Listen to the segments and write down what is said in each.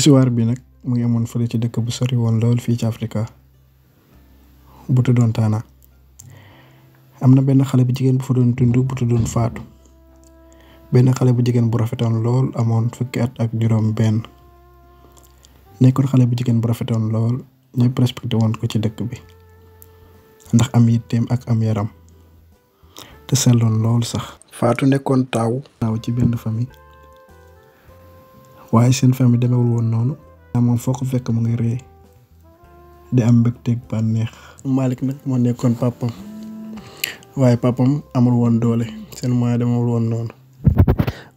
histoire bi nag mu ngi amoon fële ci dëkk bu sori woon lool fii ci Afrika bu tuddoon Taana am na benn xale bu jigéen bu fa doon dund bu tuddoon Faatu benn xale bu jigéen bu rafetoon lool amoon fukki at ak juróom benn xale bu jigéen bu rafetoon lool ñëpp respecté woon ko ci dëkk bi ndax am yitteem ak am yaram te selloon lool sax Faatu nekkoon taaw taaw ci benn famille waaye seen famille demewul woon noonu. moom foo fekk mu ngi ree di am mbégteeg bànneex. Malick nag moo nekkoon papam waaye papam amul woon doole seen moyen demewul woon noonu.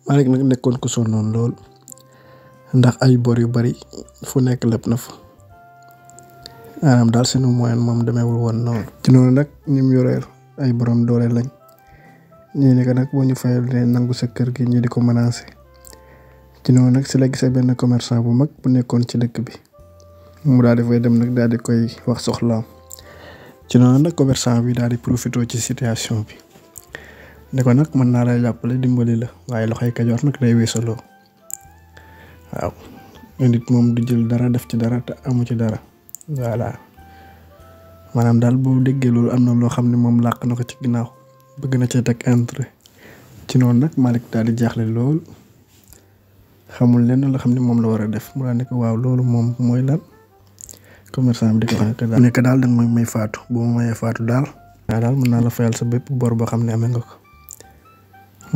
Malick nag nekkoon ku sonnoon lool ndax ay bor yu bari fu nekk lépp na fa maanaam daal moom demewul woon noonu. ci noonu nag ñi mu yoreel ay borom doole lañ ñii nekk nag boo ñu fayal ne nangu sa kër gi ñi di ko menacer. ci noonu nag si la gisee benn commercant bu mag bu nekkoon ci dëkk bi mu daal di fay dem nag daal di koy wax soxla ci noonu nag commerçant bi daal di profité ci situation bi ne nag mën naa lay jàppale dimbali la waaye loxoy kajoor nag day weesaloo waaw moom du jël dara def ci dara amu ci dara voilà maanaam daal boo déggee loolu am na loo xam ne moom làq na ko ci ginnaaw bëgg na cee teg entre ci noonu nag Malick daal di jaaxle lool. xamul lenn la xam ne moom la war a def mu daal ne waaw loolu moom mooy lan commerçant bi di ko wax ne daal da nga may faatu boo ma faatu daal. waaw mën naa la fayal sa bépp bor boo xam ne amee nga ko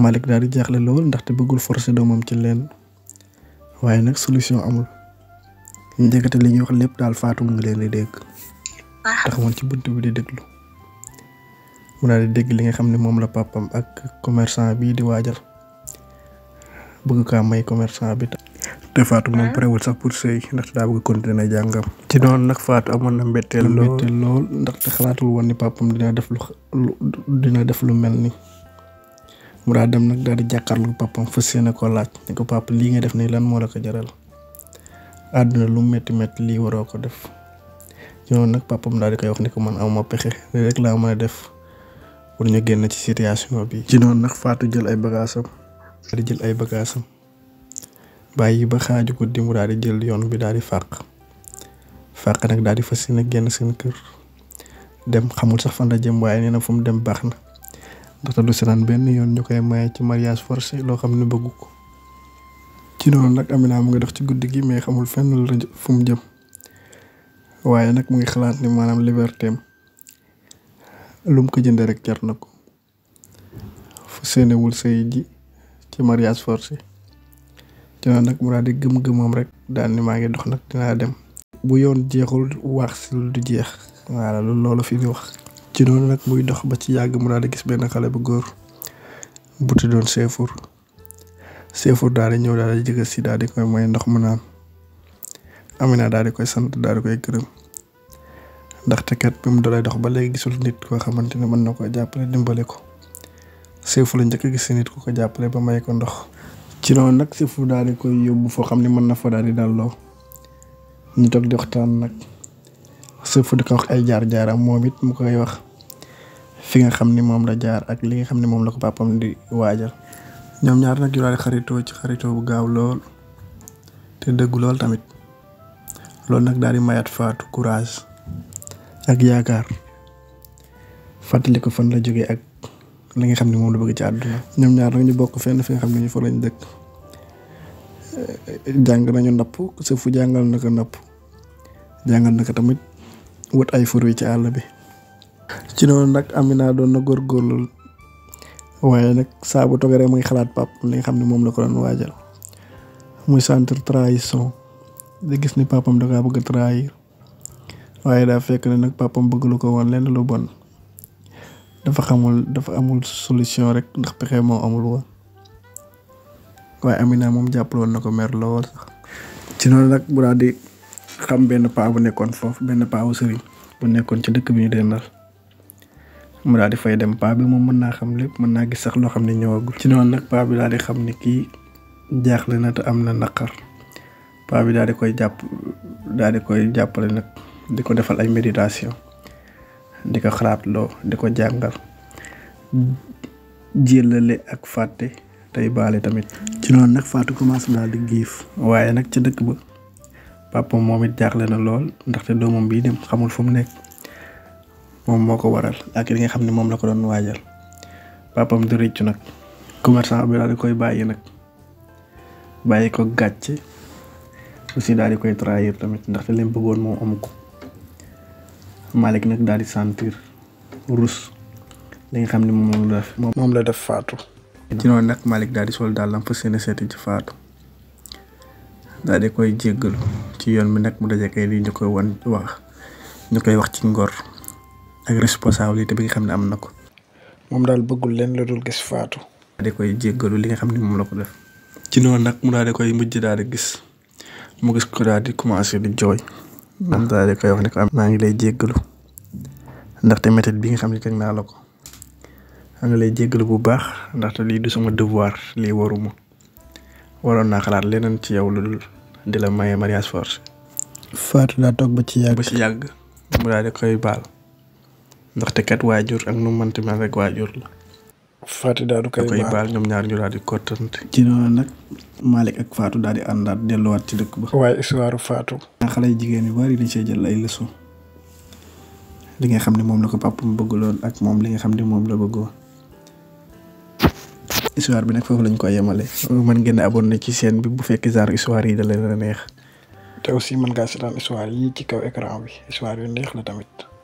Malick daal di jaaxle lool ndaxte bëggul forcer doomam ci leen waaye nag solution amul njëkkate li ñuy wax lépp daal faatu nga leen di ci bunt bi di déglu daal di dégg li nga xam ne moom la pàppam ak commerçant bii di waajal. bëgg ka may commercant bi te Fatou moom ah. parewul sax pour sëy ndaxte daa bëgg continuer jàngam ci noonu nag Fatou amoon na mbetteel lool mbetteel lool ndaxte xalaatul woon ni papam dina def lu dina def lu mel ni mu daa dem nag daal di jàkkaarlu papam fas yéene koo laaj ni ko papa lii nga def nii lan moo la ko jaral lu métti métti lii waroo ko def ci noonu nag papam daal di koy wax ni ko man aw ma pexe rek laa mën a def pour ñu génn ci situation bi ci noonu nag Fatou jël ay bagaasam daal di jël ay bagaasam bàyyi ba xaaju guddi mu daal di jël yoon bi daal di fàq fàq nag daal di fas yéene génn seen kër dem xamul sax fan la jëm waaye nee na fu mu dem baax na ndaxte du senaan benn yoon ñu koy maye ci mariage forcé loo xam ne bëggu ko ci noonu nag Amina mu ngi dox ci guddi gi mais xamul fenn la fu jëm waaye nag mu ngi xalaat ni maanaam liberté lum ko jëndee rek jar na ko fu seenewul sëy ji ci mariage forcé dina nag mu daal di gëm-gëmam rek daal ni maa ngi dox nag dinaa dem bu yoon jeexul wax si lu du jeex voilà loolu loolu fi ñu wax ci noonu nag muy dox ba ci yàgg mu daal di gis benn xale bu góor bu tuddoon Seefuur Seefuur daal di ñëw daal di jëga si daal di koy may ndox mu naan Amina daal di koy sant daal di koy gërëm ndaxte kat bi mu dolee dox ba léegi gisul nit koo xamante ne mën na ko jàppale dimbale ko Séfou la njëkk a gis si nit ku ko jàppale ba may ko ndox. ci noonu nag Séfou daal di koy yóbbu foo xam ne mën na fa daal di dalloo ñu toog di waxtaan nag Séfou di ko wax ay jaar-jaaram moom it mu koy wax fi nga xam ni moom la jaar ak li nga xam ne moom la ko pàppam di waajal. ñoom ñaar nag yu daal xaritoo ci xaritoo bu gaaw lool te dëggu lool tamit loolu nag daal di mayaat Fatou courage ak yaakaar fàttali fan la jógee ak li nga xam ne moom la bëgg ci àdduna ñoom ñaar nag ñu bokk fenn fi nga xam ne ñu fa lañ dëkk eh, jàng nañu napp sa fu jàngal na ko napp jàngal na ko tamit wët ay fur wi ci àll bi ci noonu nag Amina doon na góorgóorlu waaye nag saa bu toggee rek muy xalaat pap li nga xam ne moom la ko doon waajal muy centre trahison da gis ni papam da kaa bëgg trahir waaye daa fekk ne nag pappam bëgg lu ko woon lenn lu bon dafa xamul dafa amul solution rek ndax pexe moo amul woon waaye Amina moom jàppaloon na ko mer lool sax. ci noonu nag bu daal xam benn paa bu nekkoon foofu benn paa wu sëriñ bu nekkoon ci dëkk bi ñu dendal mu daal di fay dem paa bi moom mën naa xam lépp mën naa gis sax loo xam ne ñëwagul. ci noonu nag paa bi daal di xam ne kii jaaxle na te am na naqar paa bi daal koy jàpp daal koy jàppale nag di ko defal ay méditation. di ko xalaat xalaatloo di ko jàngal jëlale ak fàtte tey baale tamit. ci noonu nag Fatou commencé daal di giif. waaye nag ca dëkk ba papa moom it jaaxle na lool ndaxte doomam bii dem xamul fu mu nekk moom moo ko waral ak li nga xam ne moom la ko doon waajal papam du rëccu nag. commerçant bi daal di koy bàyyi nag bàyyi ko gàcce aussi daal di koy trahir tamit ndax ndaxte lim bëggoon moom amu ko. Malick nag daal di sentir rus li nga xam ne moom la def moom la def faatu ci noonu nag Malick daal di sol daal lam seen seeti ci faatu daal di koy jéggalu ci yoon bi nag mu dajekay li ñu koy wan wax ñu koy wax ci ngor ak responsabilité bi nga xam ne am na ko moom daal bëggul leen la dul gis faatu daal di koy jéggalu li nga xam ne moom la ko def ci noonu nag mu daal di koy mujj daal di gis mu gis ko daal di commencé di jooy ndax daal koy wax ne ko maa ngi lay jéggalu ndaxte méthode bi nga xam ne kañ naa la ko maa ngi lay jéggalu bu baax ndaxte lii du sama devoir lii waruma waroon naa xalaat leneen ci yow lu di la maye mariage force. Fatou daa toog ba ci yàgg. ba ci yàgg mu daal di koy baal ndaxte kat waajur ak nu mu mënti mel rek waajur Fatou daal du koy baal ñoom ñaar ñu daal di kottante. ci noonu nag Malick ak Fatou daal di àndaat delluwaat ci dëkk ba. waaye histoire Fatou. ndax xale jigéen yu bari dañ see jël ay leçon li nga xam ne moom la ko papa mu bëgguloon ak moom li nga xam ne moom la bëggoon. bi nag foofu lañ ko yemale. mën ngeen a abonné ci seen bi bu fekkee genre histoire yi da leen neex. te aussi man ngaa seetaan histoire yi ci kaw écran bi histoire yu neex la tamit.